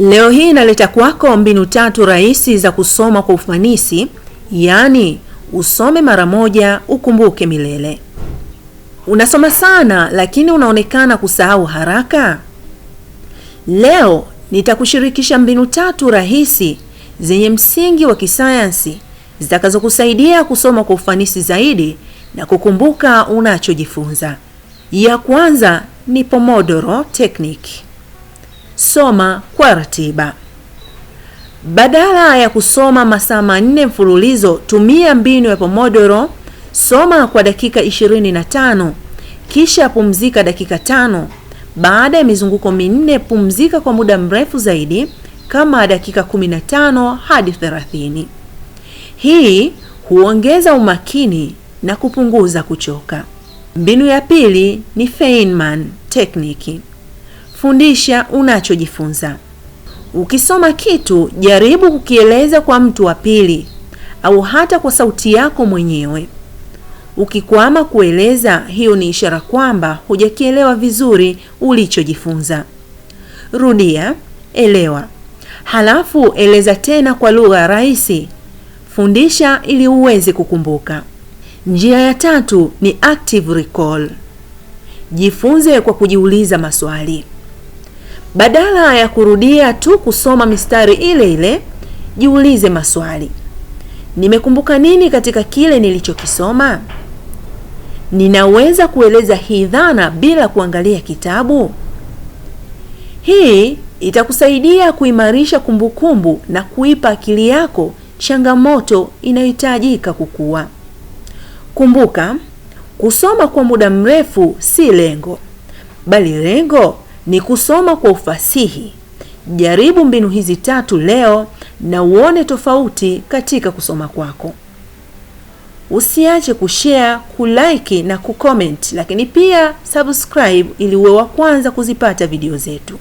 Leo hii naleta kwako mbinu tatu rahisi za kusoma kwa ufanisi, yaani usome mara moja ukumbuke milele. Unasoma sana lakini unaonekana kusahau haraka. Leo nitakushirikisha mbinu tatu rahisi zenye msingi wa kisayansi zitakazokusaidia kusoma kwa ufanisi zaidi na kukumbuka unachojifunza. Ya kwanza ni Pomodoro Technique. Soma kwa ratiba. Badala ya kusoma masaa manne mfululizo, tumia mbinu ya Pomodoro. Soma kwa dakika 25 kisha pumzika dakika tano. Baada ya mizunguko minne, pumzika kwa muda mrefu zaidi kama dakika 15 hadi 30. Hii huongeza umakini na kupunguza kuchoka. Mbinu ya pili ni Feynman technique fundisha unachojifunza. Ukisoma kitu, jaribu kukieleza kwa mtu wa pili au hata kwa sauti yako mwenyewe. Ukikwama kueleza, hiyo ni ishara kwamba hujakielewa vizuri ulichojifunza. Rudia, elewa, halafu eleza tena kwa lugha rahisi. Fundisha ili uweze kukumbuka. Njia ya tatu ni active recall. Jifunze kwa kujiuliza maswali. Badala ya kurudia tu kusoma mistari ile ile, jiulize maswali: nimekumbuka nini katika kile nilichokisoma? Ninaweza kueleza hii dhana bila kuangalia kitabu? Hii itakusaidia kuimarisha kumbukumbu na kuipa akili yako changamoto inayohitajika kukua. Kumbuka, kusoma kwa muda mrefu si lengo, bali lengo ni kusoma kwa ufasihi. Jaribu mbinu hizi tatu leo na uone tofauti katika kusoma kwako. Usiache kushare, kulike na kucomment, lakini pia subscribe ili uwe wa kwanza kuzipata video zetu.